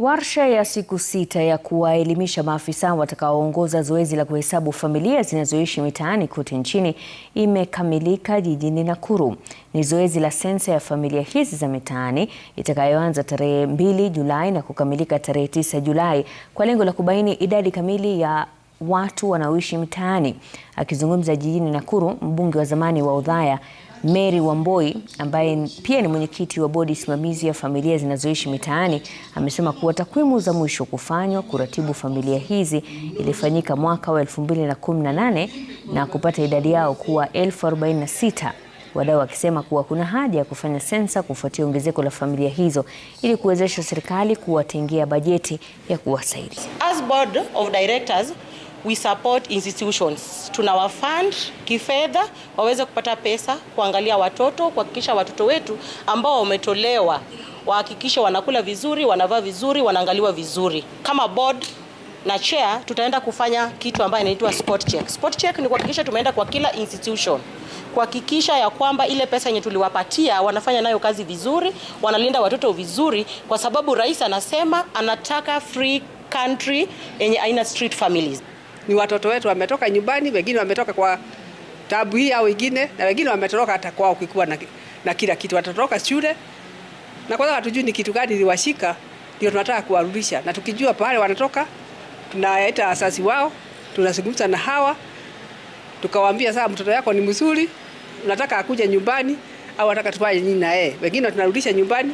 Warsha ya siku sita ya kuwaelimisha maafisa watakaoongoza zoezi la kuhesabu familia zinazoishi mitaani kote nchini imekamilika jijini Nakuru. Ni zoezi la sensa ya familia hizi za mitaani itakayoanza tarehe 2 Julai na kukamilika tarehe 9 Julai kwa lengo la kubaini idadi kamili ya watu wanaoishi mtaani. Akizungumza jijini Nakuru, mbunge wa zamani wa Udhaya Mary Wamboi ambaye pia ni mwenyekiti wa bodi simamizi ya familia zinazoishi mitaani amesema kuwa takwimu za mwisho kufanywa kuratibu familia hizi ilifanyika mwaka wa 2018 na kupata idadi yao kuwa 1046, 46 wadau wakisema kuwa kuna haja ya kufanya sensa kufuatia ongezeko la familia hizo ili kuwezesha serikali kuwatengea bajeti ya kuwasaidia. As board of directors we support institutions, tunawafund kifedha waweze kupata pesa kuangalia watoto, kuhakikisha watoto wetu ambao wametolewa wahakikishe wanakula vizuri, wanavaa vizuri, wanaangaliwa vizuri. Kama board na chair tutaenda kufanya kitu ambayo inaitwa spot check. Spot check ni kuhakikisha tumeenda kwa kila institution kuhakikisha ya kwamba ile pesa yenye tuliwapatia wanafanya nayo kazi vizuri, wanalinda watoto vizuri, kwa sababu rais anasema anataka free country yenye aina street families ni watoto wetu wametoka nyumbani, wengine wametoka kwa tabu hii au wengine, na wengine wametoroka hata kwao kikuwa na, na kila kitu, watatoroka shule na kwanza hatujui ni kitu gani liwashika ndio tunataka kuwarudisha, na tukijua pale wanatoka, tunaita asasi wao, tunazungumza na hawa tukawaambia, sasa mtoto yako ni mzuri, unataka akuje nyumbani au unataka tufanye nini na yeye? Wengine tunarudisha nyumbani.